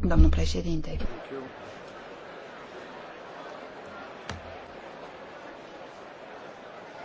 Domnul președinte.